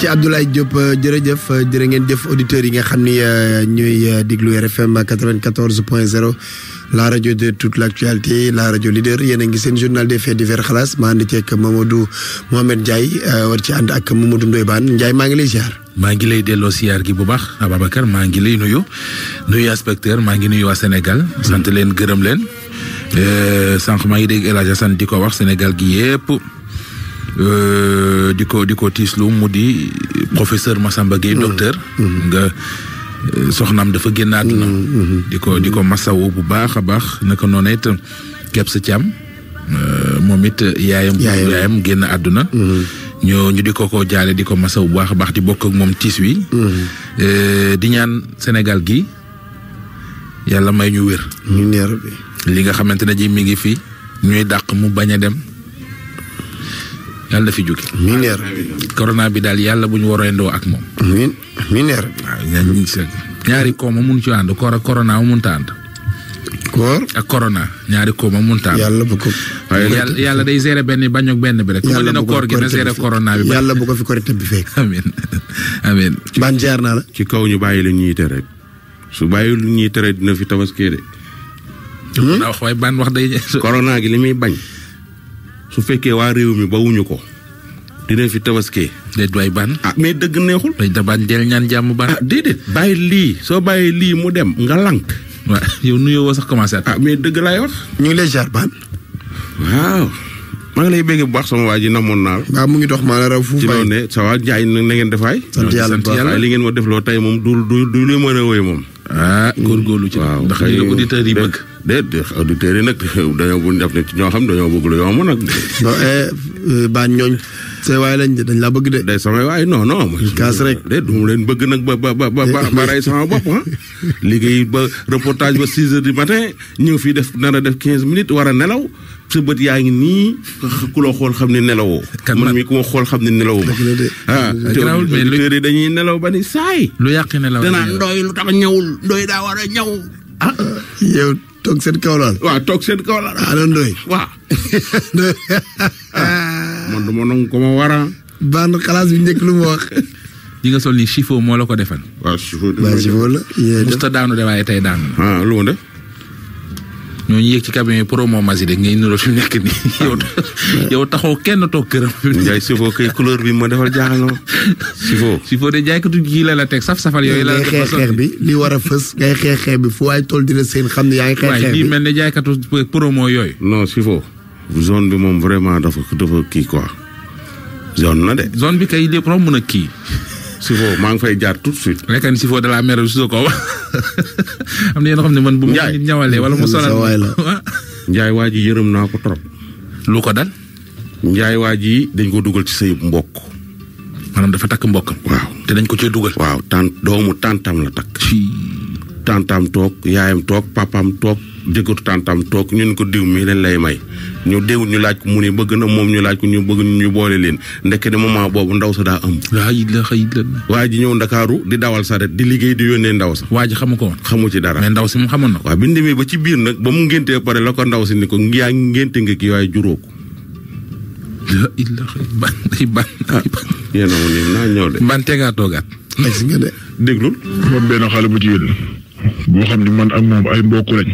ci Abdoulaye Diop euh, jërëjëf euh, jërë ngeen jëf auditeurs yi nga xam ni ñuy diglu RFM 94.0 la radio de toute l'actualité, la radio leader yéen a ngi seen journal des faits divers xalaas ma ànd ceeg Mamadou Mohamed Ndiaye euh, war ci ànd ak Mamadou Ndoye Bane Ndiaye maa ngi lay ziar. maa ngi lay delloo siyaar gi bu baax Ababacar maa ngi lay nuyu nuyu inspecteur maa ngi nuyu waa Sénégal. sant leen gërëm leen. sànq maa ngi dégg El Hadj Assane di ko wax Sénégal gi yépp Euh, diko diko tislu mu di professeur Massamba Gueye mm-hmm. docteur mm-hmm. nga euh, soxnam dafa gennat na mm-hmm. diko diko massawo bu baakha baax naka noné kep sa tiam euh, momit yaayam yaayam genn aduna ño ñu diko ko jale diko massaw bu baakha baax di bok ak mom tiswi wi euh di ñaan Sénégal gi yalla may ñu wër ñu neer bi li nga xamantene ji mi ngi fi ñuy dakk mu baña dem yalla fi jóge. miner corona bi dal yalla buñ ñu endo ak mom miner ñaari ko mo kooma mun ci and ko ak corona mun ta ànd. koor ak corona ñaari kooma mun ta ànd. yàlla bu ko yalla yàlla day géré benn bañ ak benn bi rek. yàlla leena koor gi na géré corona bi. yalla bu ko fi korite bi fek amin amin ban jaar na la. ci kaw ñu bàyyi lu ñuy tere su bàyyi lu ñuy tere dina fi tabaskee ban wax day. corona gi limi bañ su fekke wa rew mi ba wuñu ko dinañ fi tabaskee. de doy ban. ah mais deug neexul. dañ da ban del ñaan jamm ban. ah déedéet bay li so bay li mu dem nga lank. waaw yow nuyo wa sax commencé ah mais deug lay wax. ñu lay jar ban. waaw. ma ngi lay bëgg bu baax sama waji ji namoon naa la. mu ngi dox ma la raw fu. bay ne sa wa jaay na ngeen defay sant yalla sant li ngeen ma defloo tey moom du du du lu mën a wéy moom. ah góorgóorlu ci. ndax li auditeur yi bëgg. déet auditeurs yi nag dañoo bu def ne ci ñoo xam dañoo bëgg lu yomb eh, euh, ñooñ. say waay lañ dañ la bëgg de. day samay waaye non non. kaas rek de du leen bëgg nag ba ba ba ba liggéey ba reportage ba six heures du matin ñëw fi def nar a def quinze minutes war a nelaw sa bët yaa ngi nii ku xool xam ne nelaw kan man mii ku ma xool xam ne nelawoo ma. ah auditeurs yi dañuy nelaw ba ni saay. lu yàq nelaw danaa ndoy lu tax ñëwul ndoy daa war a ñëw ah toog seen kaw laal. waaw toog seen kaw laal. ah non doy. waaw. man du ko ma war a. baan xalaas bi njëkk lu mu wax. nga sol nii chiffon moo la ko defal. waaw chiffon la. musta daanu de waaye tey daanu. ah lu mu ñooñu yéeg ci cabine yi promo masi de ngay nuroo fi nekk nii ah. yow yow taxoo kenn toog këram. Ndiaye Sifo kay couleur bi ma defal jaaxal ma Sifo. Sifo de jaaykatu kii la la teg saf safal yooyu. la la xeex xeex bi li war a fës ngay xeex xeex bi fu waay toll dina seen xam ne yaa ngi xeex xeex bi waaye mel ne jaaykatu promo yooyu. non Sifo zone bi moom vraiment dafa dafa kii quoi zone na de. zone bi kay lépp mën a kii. si maa ngi fay jaar tout de suite. nekkan si foofu de la mer ko am na yéen a xam ne man. bu ma nit ñawalee wala mu solal njaay waa ji yërëm naa ko trop. lu ko dal. njaay waa ji dañ ko dugal ci say mbokk. maanaam dafa takk mbokkam. waaw te dañ ko cee dugal. waaw tant doomu tàntam la takk. tantam toog yaayam toog papam toog. jëkkër tàntam toog ñun ko diw mii leen lay may ñu déw ñu laaj ko mu ne bëgg na moom ñu laaj ko ñu bëgg ñu boole leen ndekete moment boobu ndaw sa daa ëmb waa ji ñëw ndakaaru di dawal saret di liggéey di yónnee ndaw sax waa ji xamu ko woon xamu ci dara mais ndaw si mu xamoon na ko waaw bi ñu ba ci biir nag ba mu ngéntee pare la ko ndaw si ni ko yaa ngénte nga kii waaye juróo ko ah, yéen a mu ne naa ñëw de ban tegaatoogaat déglu moom benn xale bu jigéen boo xam ne man ak moom ay mbokk lañ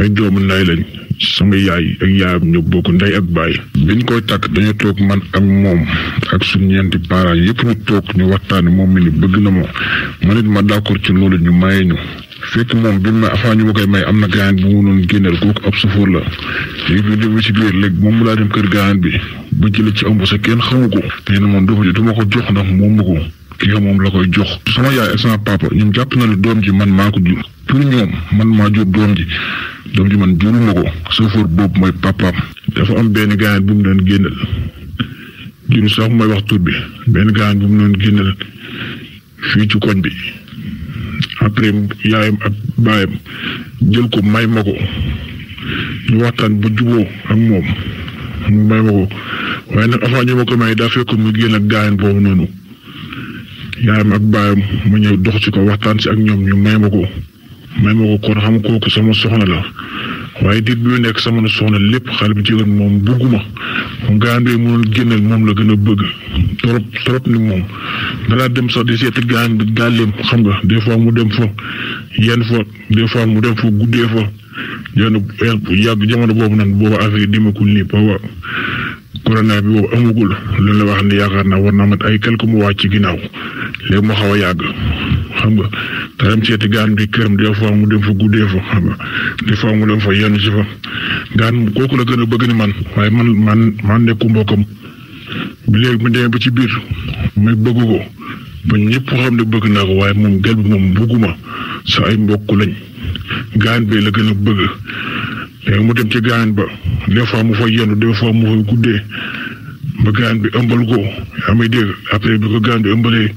ay doomu nay lañ sama yaay ak yaayam ñu bokk ndey ak baay. biñ koy takk dañu toog man ak moom ak suñu ñeenti parents yëpp ñu toog ñu waxtaan moom mi ni bëgg na ma man it ma d'accord ci loolu ñu maye ñu. fekk moom bi ma afaa ñu ma koy may am na gaañ bu mu noonu génneel kooku ab safóor la léegi bi dem ci biir léegi moom mu laa dem kër gaañ bi ba jëlee ci ëmb sa kenn xamu ko. te moom du ma ko jox ndax moom ma ko. ki moom la koy jox sama yaay ak sama papa ñun jàpp na ne doom ji man maa ko jur pour ñoom man maa jur doom ji doom ji man juruma ko chauffeur boobu mooy papaam dafa am benn gaañ bu mu doon génnal juru sax wax tur bi benn gaañ bu mu doon génnal fii ci koñ bi après yaayam ak baayam jël ko may ma ko ñu waxtaan bu juboo ak moom mu may ma ko waaye nag avant ñu ma ko may daa fekk mu génn ak boobu noonu yaayam ak baayam mu ñëw dox ci ko waxtaan si ak ñoom ñu may ma ko may ma ko kon xam kooku sama soxna la waaye diit bi nekk sama na soxna lépp xale bu jigéen moom bugguma gaan bi mu génneel moom la gën a bëgg trop trop ni moom danaa dem sax di seeti gaan gàlleem xam nga des fois mu dem fa yenn fa des fois mu dem fa guddee fa yenn yàgg jamono boobu nan booba affaire yi dimbakul nii booba corona bi boobu amagul loolu la wax ni yaakaar naa war naa mat ay quelques mois ci ginnaaw léegi moo xaw a yàgg xam nga te dem seeti gaan bi kër des fois mu dem fa guddee fa xam nga des fois mu dem fa yenn si fa gaan kooku la gën a bëgg ni man waaye man man man nekku mbokkam bi léegi mu demee ba ci biir may bëgg ko ba ñëpp xam ne bëgg naa ko waaye moom gel bi moom bëgguma sa ay mbokk lañ gaan bi la gën a bëgg léegi mu dem ci gaañan ba des fois mu fay yendu des mu fay guddee bi ëmbal ko yaa may ko gaañan bi ëmbalee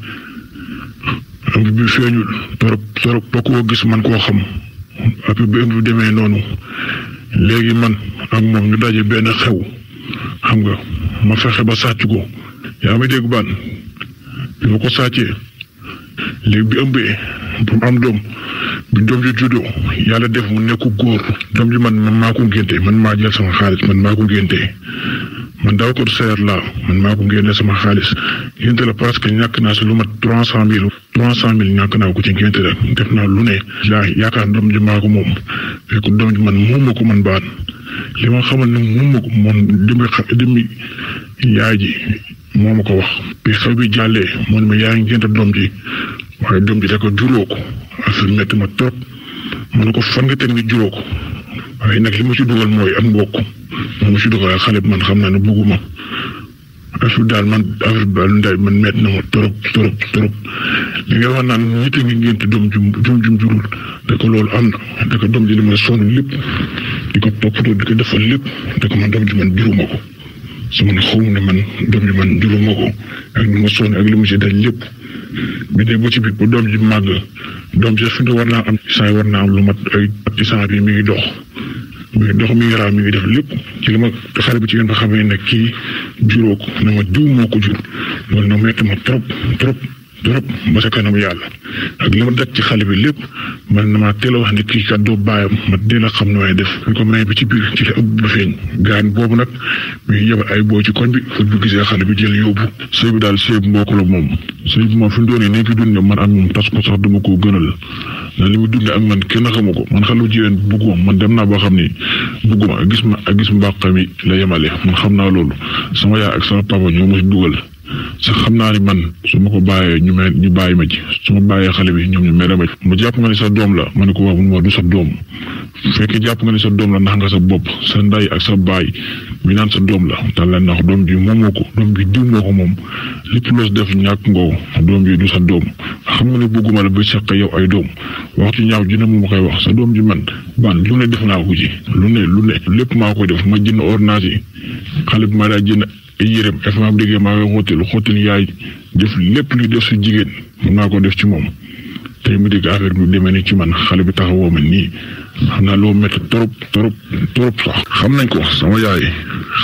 koo gis man koo xam après demee noonu léegi man ak moom ñu daje benn xew xam nga ma fexe ba sàcc ko yaa may dégg baan bi ma ko sàccee léegi bi ëmbee bu am doom doom ji juddu yàlla def mu nekku góor doom ji man man maa ko ngénte man maa jël sama xaalis man maa ko ngénte man daaw ko man maa ko ngénte sama xaalis ngénte la parce que ñàkk naa si lu mat trois cent mille trois cent mille ñàkk naa ko ci ngénte la def naa lu ne laa yaakaar doom ji maa ko moom fekk doom ji man moom ko man baat li ma xamal ne moom ma ko moom dimi dimi yaay ji moo ma ko wax bi xew bi jàllee moo ne ma yaa ngénte doom ji waaye doom ji da ko juróo ko affaire ma trop mu ne ko fan nga teg ni juróo ko waaye nag li ma ci dugal mooy ak mbokk moom ma ci dugal ak xale bi man xam naa ne bugguma affaire daal man affaire daal ndaay man métti na ma trop nga wax naan ñitte ngi ngénte doom jum jum jum jurul da ko loolu am na da ko doom ji li ma sonn lépp di ko toppatoo di ko defal lépp da ko man doom ji man juruma ko su man xawma ne man doom bi man juróoma ko ak li ma sonn ak li ma si daj lépp bi dee ba ci bi bu doom ji màgg doom ji fi war na am saa war naa am lu mat ay ci saa bi mi ngi dox mi ngi dox mi ngi raam mi ngi def lépp ci li ma xale bi ci ngeen fa xamee ne kii juróo ko na ma diw moo ko jur loolu na metti ma trop trop trop ba sa kanamu yàlla ak li ma daj ci xale bi lépp man damaa teel a wax ne kii kat doo bàyyam ma dina la xam ne waaye def ñu bi ci biir ci la ëpp boobu nag muy yebal ay boo ci koñ bi bu gisee xale bi jël yóbbu sëy bi daal sëy mbokk la moom sëy bi moom fi mu doonee nii fi dund man ak moom tas ko sax duma ko gënal ndax li mu dunde ak man kenn xamu ko man xalu jigéen bugguma man dem naa boo xam ni bugguma gis ma a gis mbàqam yi la yemale man xam naa loolu sama yaay ak sama papa ñoo ma si dugal sax xam naa ni man su ma ko bàyyee ñu mel ñu bàyyi ma ci su ma bàyyee xale bi ñoom ñu mere ma mu jàpp nga ni sa doom la ma ne ko waaw mu du sa doom fekkee jàpp nga ni sa doom la nax nga sa bopp sa nday ak sa baay mi naan sa doom la dal la nax doom ji moomoo ko doom bi diw moo ko moom lépp loos def ñàkk ngoo doom bi du sa doom xam nga ne bëgguma la ba seq yow ay doom wax ci ji ne mu koy wax sa doom ji man ban lu ne def naa ko ci lu ne lu ne lépp maa koy def ma jënd ordonnance yi xale bi ma daa jënd yërëm dafa ma am déggee maa ngi xóotil xóotil yaay def lépp luy def su jigéen mun naa ko def ci moom tey mu dégg affaire bi demee ni ci man xale bi taxawoo ma nii xam naa loo métti trop trop trop sax. xam nañ ko sama yaay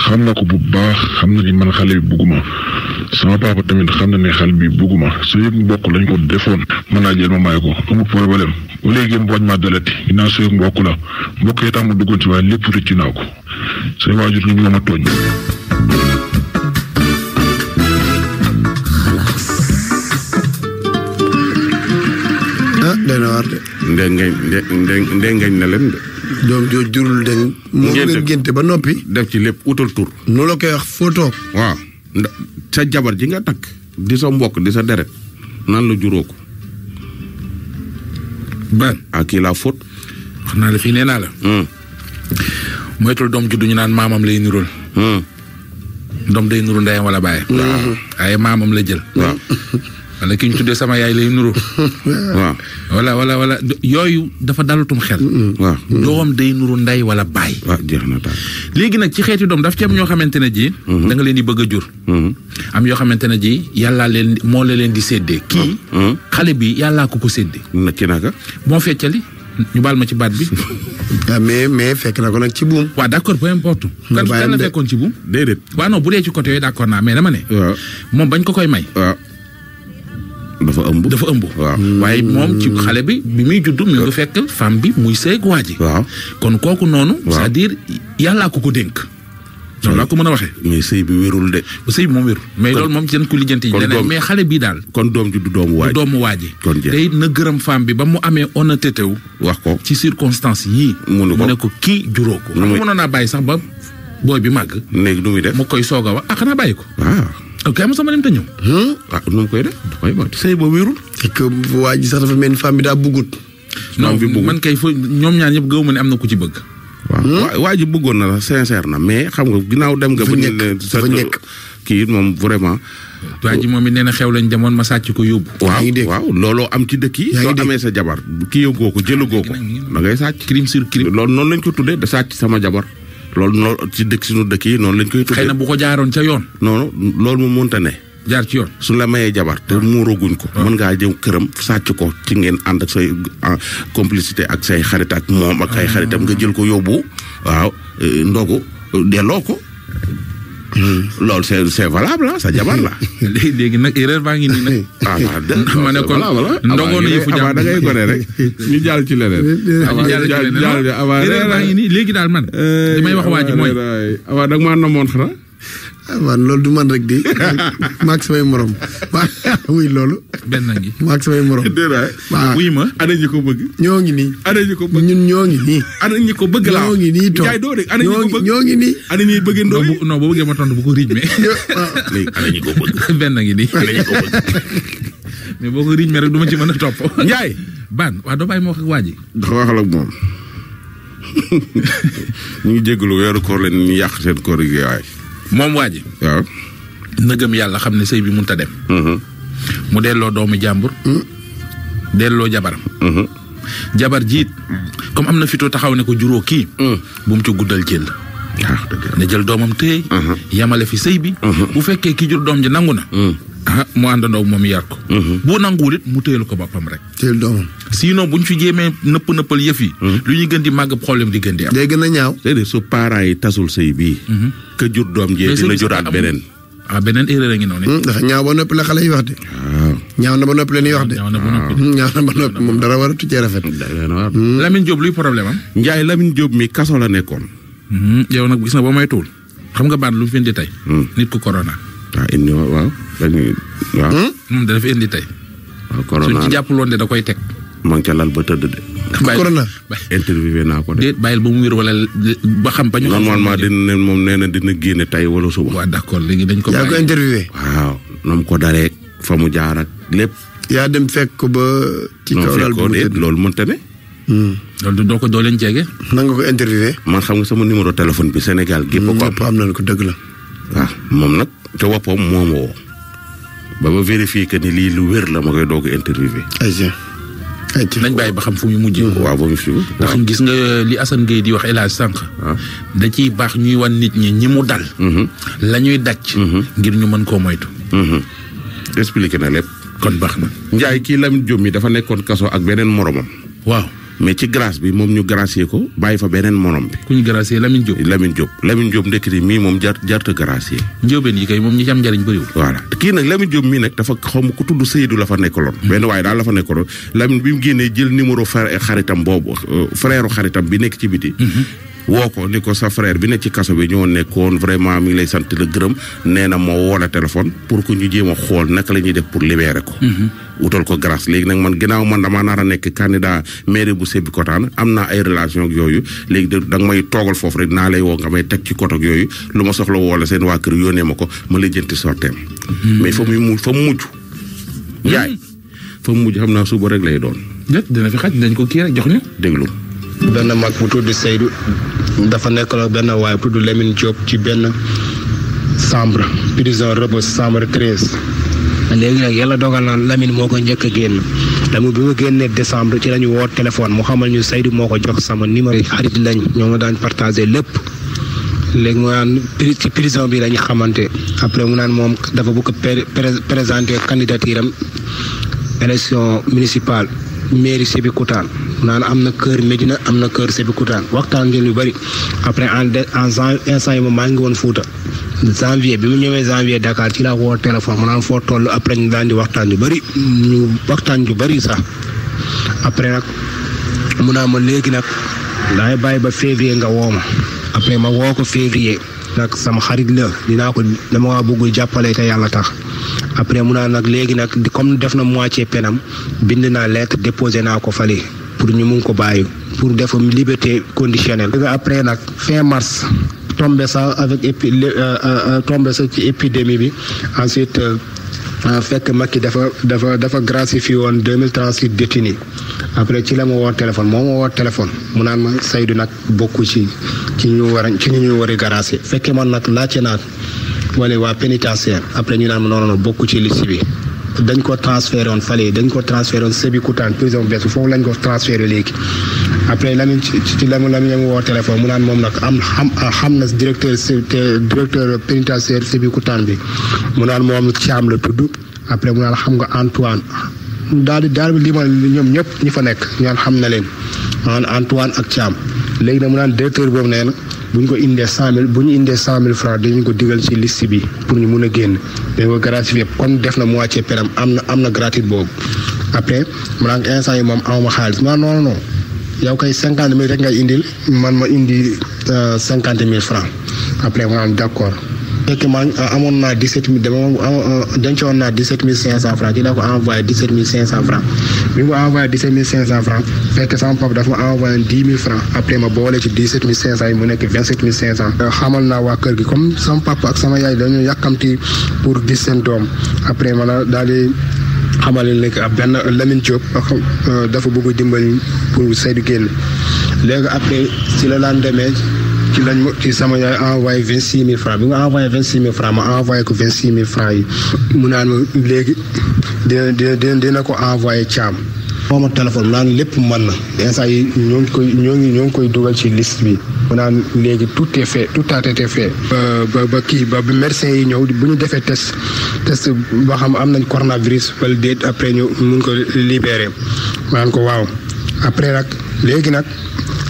xam na ko bu baax xam na ni man xale bi bugguma sama papa tamit xam na ne xale bi bugguma su yëg mbokk lañ ko defoon mën naa jël ma maay ko amul problème bu léegi mu bañ maa dalati ginnaaw su yëg mbokk la mbokk yi tax ma duggoon ci waaye lépp rëcc naa ko say waajur ñu a tooñ. day na war de ndengeñ ndengeñ na leen de doom jo jurul de mo ngeen gënté ba nopi def ci lepp utul tour nu la koy wax photo waaw sa jabar ji nga tak di sa mbokk di sa deret nan la juroo ko ban ak ah, la faute xana la fi neena la hmm moytul dom ju duñu naan mamam lay nirul hmm dom day nuru ndayam wala baye hmm. ay mamam la jël wala kiñ ki ñu sama yaay lay nuro waaw wala wala wala yooyu dafa dalutum xel. waaw doom day nuru ndey wala bay waaw jeex na léegi nag ci xeeti doom daf ci am ño xamante ji. Mm-hmm. da nga leen di bëgg a jur. Mm-hmm. am yoo xamante ji yàllaa leen moo la leen di séddee. kii mm-hmm. xale bi yàllaa ko ko sédé na ci naka. moo feccali ñu bal ma ci baat bi. Ah, mais mais fekk na ko nag ci buum. waaw d' accord peu importe. kan la fekkoon ci buum. dedet wa non bu dee ci côté yooyu d' accord naa mais dama ne. moom bañ ko koy may. dafa ëmb dafa ëmb. waaw waaye moom ci xale bi bi muy juddu mi ngi fekk femme bi muy seeg waa ji. waaw kon kooku noonu. c'est-à-dire yàllaa ko ko dénk. noonu la ko mën a waxee. mais sëy bi wérul de. sëy bi moom wérul. mais loolu moom seen ku lijjanti yi leneen mais xale bi daal. kon doom ji doomu waa ji doomu waa ji. kon tey na gërëm femme bi ba mu amee honnêteté wu. wax ko ci circonstance yii. mënu ko mu ne ko kii juróo ko. mënoon naa bàyyi sax ba booy bi màgg. léegi nu muy def mu koy soog a wax ah xanaa bàyyi ko. Ah. ok am sama lim te ñew hmm ah non koy def da koy ba sey bo wérul et que waji sax dafa men fami da bugut non bi bugut man kay fo ñom ñaan ñep gëwuma ni amna ku ci bëgg waaw waji bëggoon na sincère na mais xam nga ginaaw dem nga bu ñu sa ki mom vraiment waji mom neena xew lañ demone ma sacc ko yobbu waaw waaw lolo am ci dekk yi do amé sa jabar ki yogoko jëlugoko da ngay sacc crime sur crime lolou non lañ ko tuddé da sacc sama jabar loolu noonu ci dëkk suñu dëkk yi noonu lañ koy. tuddee xëy na bu ko jaaroon ca yoon. non loolu moom mënta ne. jaar ci yoon suñu la mayee jabar te ah. muuroguñ ko ah. mën ngaa jëw këram sàcc ko ci ngeen ànd ak say ah, complicité ak say xarit ak moom ak ay xaritam nga jël ko yóbbu waaw eh, ndogu deloo ko Mm-hmm. loolu c'est c'est valable ah sa jabar la. léegi nag erreur baa ngi a nag. ah ma ne kon ndongoon yëfu jàmm da ngay gone rek ñu jàll ci leneen. avant jàll jàll erreur baa ngi nii léegi daal man. li eh, may wax waa ji mooy. waaw da nga maa namoon Ah, man loolu du man rek di max samay morom wuy loolu benn ngi max samay morom dara oui ma ana ñi ko bëgg ñoo ngi nii ana ñi ko bëgg ñun ñoo ngi nii ana ñi ko bëgg la ñoo ngi nii toog jaay doo rek ana ñi ko bëgg ñoo ngi nii ana ñi bëgg ndoo non boo bëgge ma tondu bu ko riij mais ana ñi ko bëgg benn ngi ni ana ñi ko bëgg mais rek ci ban wa do bay mo wax waji waa ji waxal ak mom ñu ngi jégalu koor leen ñu yàq seen koor yi moom waa ji. waaw yàlla xam ne sëy bi mënut a dem. Mm-hmm. mu delloo doomu jàmbur. Mm-hmm. delloo jabaram. Mm-hmm. jabar jiit comme am na fitoo taxaw ne ko juróo kii. Mm. bu mu ci guddal jël. na ah, jël doomam téye. Mhm. yamale fi sëy bi. Mhm. bu fekkee ki jur doom ji nangu na. Mhm. ah mu àndandoo moom yar ko. bu nanguwul it mu téyelu ko boppam rek. téyel doomam. sinon bu ñu fi jéemee nëpp nëppal yëf yi. lu ñuy gën di màgg problème di gën di am. day gën a ñaaw. déedéet su parents yi tasul sëy bii. ka jur doom jee dina juraat beneen. ah beneen erreur a ngi noonu. Hmm, dafa ñaaw ba noppi la yi wax de. ñaaw na ba noppi la ñuy wax de. ñaaw na ba noppi hmm, ñaaw na ba noppi moom dara waratu cee rafet. Hmm. Lamine Diop luy problème am. Ndiaye Lamine Diop mi kaso la nekkoon. Hmm, yow nag gis na may moytuwul xam nga baat lu fi indi tey. Hmm. nit ku corona. ah indi waaw dañuy waaw. moom da hmm, dafa indi tey. waaw ah, corona suñ ci jàppuloon de da koy teg. ma ngi ca lal ba tëdd de. corona interviewé naa ko de. déet bàyyil ba mu wér wala ba xam ba ñu. normalement dina ne moom nee na dina génne tey wala suba. waaw d' accord léegi dañ ko. yaa ko interviewé. waaw nam ko daree fa mu jaar ak lépp. yaa dem fekk ko ba. ci kaw lal bi mu tëdd loolu mënta Hmm. loolu doo ko doo leen jege. nan nga ko interviewé. man xam nga sama numéro téléphone bi Sénégal gépp ko am. am nañ ko dëgg la. waaw ah, moom nag te woppam moo ma woo ba ma vérifié que ni lii lu wér la ma koy doog a interviewé. ayca ayca nañ bàyyi ba xam fu muy mujjee. Hmm. waaw ba mu fi ndax gis nga eh, li Assane Gueye di wax El Hadj Sànq. Ah. da ciy baax ñuy wan nit ñi ñi mu dal. Hmm. la ñuy daj. ngir ñu mën koo moytu. expliqué na lépp. kon baax na. Ndiaye kii Lamine dafa nekkoon kaso ak beneen moromam. waaw. mais ci grâce bi moom ñu gracier ko bàyyi fa beneen morom bi. ku ñu gracier Lamine Diop. Lamine Diop Lamine Diop ndeketee mii moom jar jarta gracier. njóobeen yi kay moom ñu ci am njëriñ bëriwul. voilà kii nag Lamine Diop mii nag dafa xaw ma ku tudd Seydou la fa nekkaloon. Hmm. benn waaye daal la fa nekkaloon Lamine bi mu génnee jël numéro frère xaritam boobu euh, frère xaritam bi nekk ci biti. Hmm. woo ko ni ko sa frère bi ne ci kaso bi ñoo nekkoon vraiment mi ngi lay sant la gërëm nee na moo woo la pour ku ñu jéem a xool naka la ñuy def pour libérer ko. Hmm. wutal ko grâce léegi nag man ginnaaw man damaa nar a nekk candidat maire bu Sébikotane am naa ay relation yooyu léegi da nga may toogal foofu rek naa lay woo nga may teg ci kotook yooyu lu ma soxla woo la seen waa kër yónnee ma ko ma lay jënti sorteem hmm. mais fa muy mu fa mujj hmm. yaay fa mujj xam naa suba rek lay doon dina fi xaj dañ ko kii rek jox ñu déglu benn mag bu tudd Seydou dafa nekkaloo benn waaye bu tudd Lamine Diop ci benn chambre prison Rebeuss léegi nag yàlla dogal na lamin moo ko njëkk a génn dama bi ma génnee décembre ci la ñu woo téléphone mu xamal ñu Seydou moo ko jox sama numéro xarit lañ ñoo ma daan partagé lépp léegi mu naan ci prison bi lañu xamante après mu naan moom dafa bëgg a présenté candidature am élection municipale mairie mu naan am na kër Médina am na kër Sébikotane waxtaan ngeen lu bëri après en en instant yi ma maa ngi woon Fuuta janvier bi mu ñëwee janvier Dakar ci laa woo téléphone mu naan foo toll après ñu daan di waxtaan yu bëri ñu waxtaan yu bëri sax après nag mu naa ma léegi nag daay bàyyi ba février nga woo ma après ma woo ko février nag sama xarit la dinaa ko dama bëggu jàppale te yàlla tax après mu naa nag léegi nag comme def na moitié penam bind naa lettre déposé naa ko fale pour ñu mun ko bàyyi pour def liberté conditionnelle après nag fin mars tombé ça avec épi euh, euh, euh, tombé ça ci épidémie bi ensuite en fekk Macky dafa dafa dafa gracifié woon deux mille après ci la mo wone téléphone mo mo wone téléphone mu naan ma Seydou nak bokku ci ci ñu war ci ñu ñu war a gracier nak la ci laajte naa wala waa pénitentiaire après ñu naan ma noonu bokku ci liste bi dañ ko transféré woon fale dañ ko transféré sébi coutane prison bu bees lañ ko transféré légui après Lamine ci ci Lamine Lamine woo téléphone mu naan moom nag am xam xam na directeur directeur pénitentiaire Sébikotane bi mu naan moom Thiam la tudd après mu naan xam nga Antoine daal di daal di ñoom ñëpp ñi fa nekk ñaan xam na leen maanaam Antoine ak Thiam léegi nag mu naan directeur boobu nee na bu ñu ko indee cent bu ñu indee cent mille francs dañu ko digal ci liste bi pour ñu mun a génn dañ ko gratifié kon def na moitié peram am na am na gratuite boobu après mu naan instant yi moom amuma xaalis naa non non. yow kay cinquante mille rek ngay indil man ma indi euh, cinquante mille franc après ma am d' accord. fekk man euh, amoon naa dix sept mille dama euh, dencoon naa dix sept mille cinq cent franc ci laa ko envoyé dix sept mille ma envoyé dix sept mille cinq cent franc fekk sama papa dafa ma envoyé dix mille franc après ma boole ci dix sept mille cinq cent yi mu nekk vingt sept mille cinq cent. naa waa kër gi comme sama papa ak sama yaay dañu yàkkamti pour gis seen doom après ma daal di xamal ne ab benn Lamine Diop euh, dafa bëgg dimbali pour Seydou génn léegi après ci la lan demee ci lañ ma ci sama yaay envoyé vingt six mille francs bi nga envoyé vingt six mille francs ma envoyé ko vingt six mille francs yi mu naan ma léegi dina dina dina ko envoyé caam. xaw ma téléphone naan lépp mën na instant yi ñoo ngi koy ñoo ngi ñoo ngi koy dugal ci liste bi. mu naan léegi tout est fait tout a été fait ba ba kii ba merce yi ñëw bu ñu defee test test ba xam am nañ coronavirus wala déet après ñu mun ko libéré maa naan ko waaw après nag léegi nag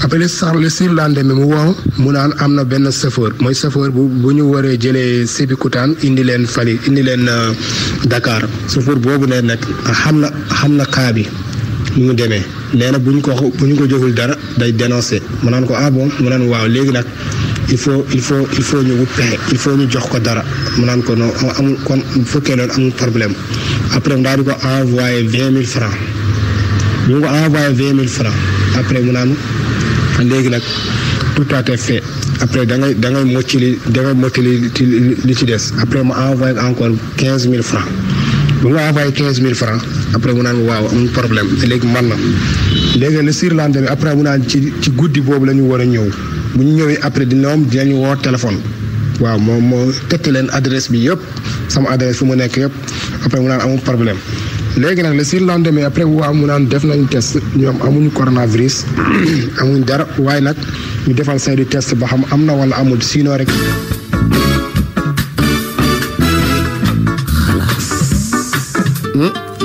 après le sax mi surlendemain mu woo mu naan am na benn chauffeur mooy chauffeur bu bu ñu waree jëlee Sébikotane indi leen Fali indi leen euh, Dakar chauffeur boobu ne nag xam na xam na cas nu mu demee nee na bu ko buñ ko joxul dara day dénoncé mu naan ko ah bon mu naan waaw léegi nag il faut il faut il faut ñu wut il faut ñu jox ko dara mu naan ko non amul kon bu fekkee loolu amul problème après mu daal di ko envoyé vingt mille francs ñu ko envoyé vingt mille francs après mu naan léegi nag tout à fait après da ngay da ngay mottali da ngay mottali li ci des après mu envoyé encore quinze mille francs bu ñu ma envoyé quinze mille francs après mu naan waaw amul problème léegi man na léegi le surlendemain bi après mu naan ci ci guddi boobu la ñu war a ñëw bu ñu ñëwee après di ñoom dinañu woo téléphone waaw moom moo tëtt leen adresse bi yëpp sama adresse fu mu nekk yëpp après mu naan amul problème léegi nag le surlendemain après waaw mu naan def nañ test ñoom amuñu coronavirus amuñ dara waaye nag ñu defal say di test ba xam am na wala amul sinon rek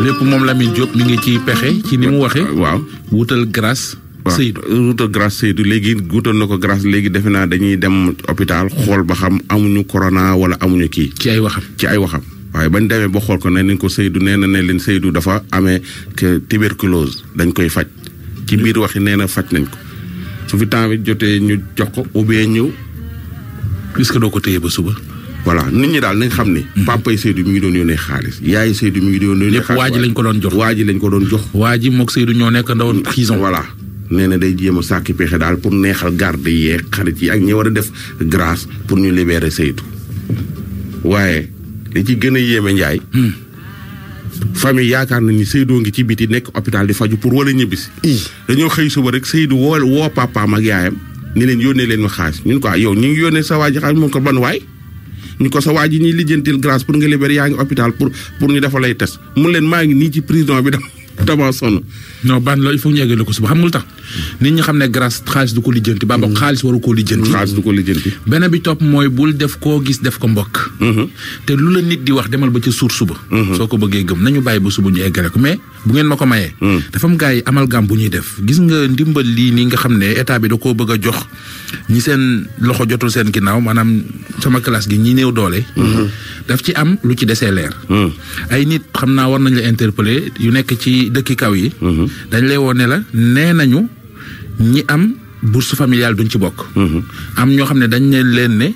lépp moom la Lamine Diop mi ngi ci pexe ci ni mu waxee. waaw wutal grâce. Seydou waaw wutal grâce léegi wutal na ko grâce léegi defe naa dañuy dem hôpital xool ba xam amuñu corona wala amuñu kii. ci ay waxam ci ay waxam. waaye bañ demee ba xool ko ne nañ ko Seydou nee na ne leen Seydou dafa amee tuberculose dañ koy faj. ci biir waxi nee na faj nañ ko. su fi temps bi jotee ñu jox ko ou ñëw. est-ce doo ko téye ba suba. voilà nit ñi daal nañ xam ne mhm. papay Seydou mi ngi doon yónnee xaalis yaay Seydou mi ngi doon yónnee xaalis waa ji lañ ko doon jox waa ji lañ ko doon jox waa ji mook Seydou ñoo nekk ndawoon mm, prison voilà nee na day jéem a sàkki pexe daal pour neexal garde yeeg xarit ak ñi war a def grâce pour ñu libérer Seydou waaye li ci gën a yéeme Njaay hmm. famille yaakaar na ni Seydou ngi ci biti nekk hôpital di faju pour wala ñibbisi dañoo xëy suba rek Seydou woo woo papaam ak yaayam ni leen yónnee leen ma xaalis ñun ah, yow ñu ngi yónnee sa waa ji xaalis moom ko ban waay ñu ko sa waa ji ñuy lijjantil grâce pour nga libéré yaa ngi hôpital pour pour ñu lay test mun leen maa ngi nii ci prison bi dama sonn. non ban la il ñu yeggale ko suba xam nga lu tax nit ñi xam ne grâce xaalis du ko lijjanti. ba bokk mm-hmm. xaalis waru mm-hmm. ko lijjanti. xaalis bi topp mooy bul def koo gis def ko mbokk. Mm-hmm. te lu la nit di wax demal ba ca suur suba. soo ko bëggee gëm nañu bàyyi ba suba ñu eggale ko mais. bu ngeen ma ko mayee. Hmm. dafa am gars yi amalgam bu ñuy def gis nga ndimbal lii nii nga xam ne état bi da koo bëgg a jox ñi seen loxo jotul seen ginnaaw maanaam sama classe gi ñi néew doole. Hmm. daf ci am lu ci desee leer. Hmm. ay nit xam naa war nañ la interpeller yu nekk ci dëkki kaw yi. dañ lay woone la nee nañu ñi am bourse familiale duñ ci bokk. am ñoo xam ne dañ leen leen ne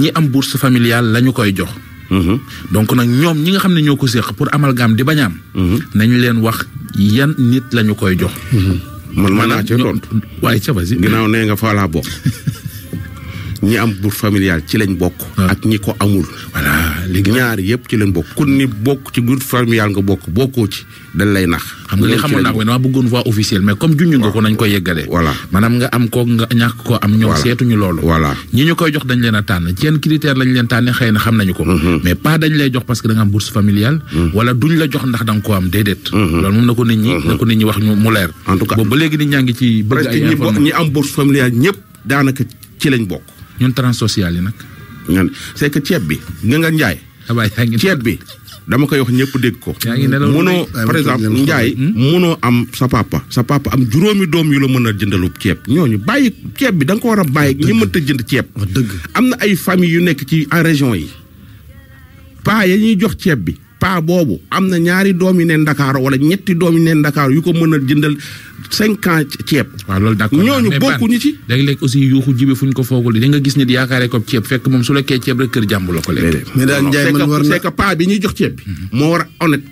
ñi am bourse familiale lañu koy jox. Mhm. donc nag ñoom ñi nga xam ne ñoo ko séq pour amalgame di bañaam mhm. nañu leen wax yan nit lañu koy jox mhm. man mën naa cee tontu waaye ca basi ginnaaw nee nga fa laa bokk ñi am bourse familiale ci lañ bokk ah. ak ñi ko amul voilà léegi ñaar yépp ci lañ bokk bok ni bokk ci bok familiale nga bokk bokkoo ci dañ lay nax xam nga li xamoon naa ko dama bëggoon voix officielle mais comme junj nga ko nañ ko yeggalee voilà maanaam nga am ko nga ñàkk ko am ñoom seetuñu loolu voilà ñi ñu koy jox dañ leen a ci yenn critère lañ leen tànne xëy xam nañu ko mhm. mais pas dañ lay jox parce que da nga am bourse familiale mhm. wala duñ la jox ndax da ko am dedet, mhm. loolu moom na ko nit ñi na ko nit ñi wax ñu mu leer en tout cas boobu ba léegi nit ñaa ngi ci bëgg ay ñi am bourse familiale ñëpp daanaka ci lañ bokk ñun transsocial yi nag. ñun c'est que ceeb bi nga nga njaay. Ah, ceeb bi dama koy wax ñëpp dégg ko. mënoo par exemple njaay mënoo am sa papa. sa papa am juróomi doom yu la mën a jëndalub ceeb ñooñu bàyyi ceeb bi da ko war a bàyyi. ñi mënta jënd ceeb. dëgg am na ay famille yu nekk ci en région yi. paa ya ñuy jox ceeb bi. paa boobu am na ñaari doom yu ne Ndakaaru wala ñetti doom yu ne Ndakaaru yu ko mën a jëndal. cinquante ceeb. waaw loolu d'accord ñooñu bokkuñu ci. léeg-léeg aussi yuuxu jibe fu ñu ko foogul da gis nit yaakaare ko ceeb fekk moom su lekkee ceeb rek kër jàmbur la ko lekk. mais daal Ndiaye man war na c'est que paa bi ñuy jox ceeb bi. Mhm. moo war a honnête.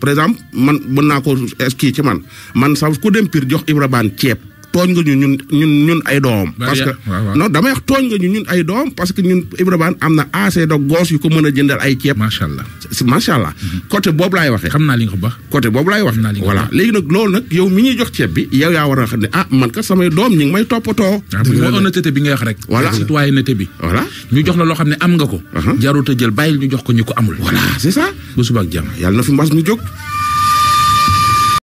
par exemple man mën naa ko euh, kii ci man man sax ku dem pire jox ibrabaan ceeb. tooñ nga ñu ñun ñun ñun ay doom parce que non damay tooñ nga ñu ñun ay doom parce que ñun Ibrahima am na assez de gos yu ko mën a jëndal ay ceeb macha allah macha allah mhm. côté boobu laay waxee xam naa li nga ko baax côté boobu laay waxee voilà léegi nag loolu nag yow mi ñuy jox ceeb bi yow yaa war a xam ne ah man ka samay doom ñi ngi may toppatoo ah, mooy honnêteté bi ngay wax rek voilà citoyenneté bi voilà ñu jox la loo xam ne am nga ko uh-huh. jaruta jël bàyyil ñu jox ko ñu ko amul voilà c'est ça bu subaak jàmm yàlla na fi mbas mi jóg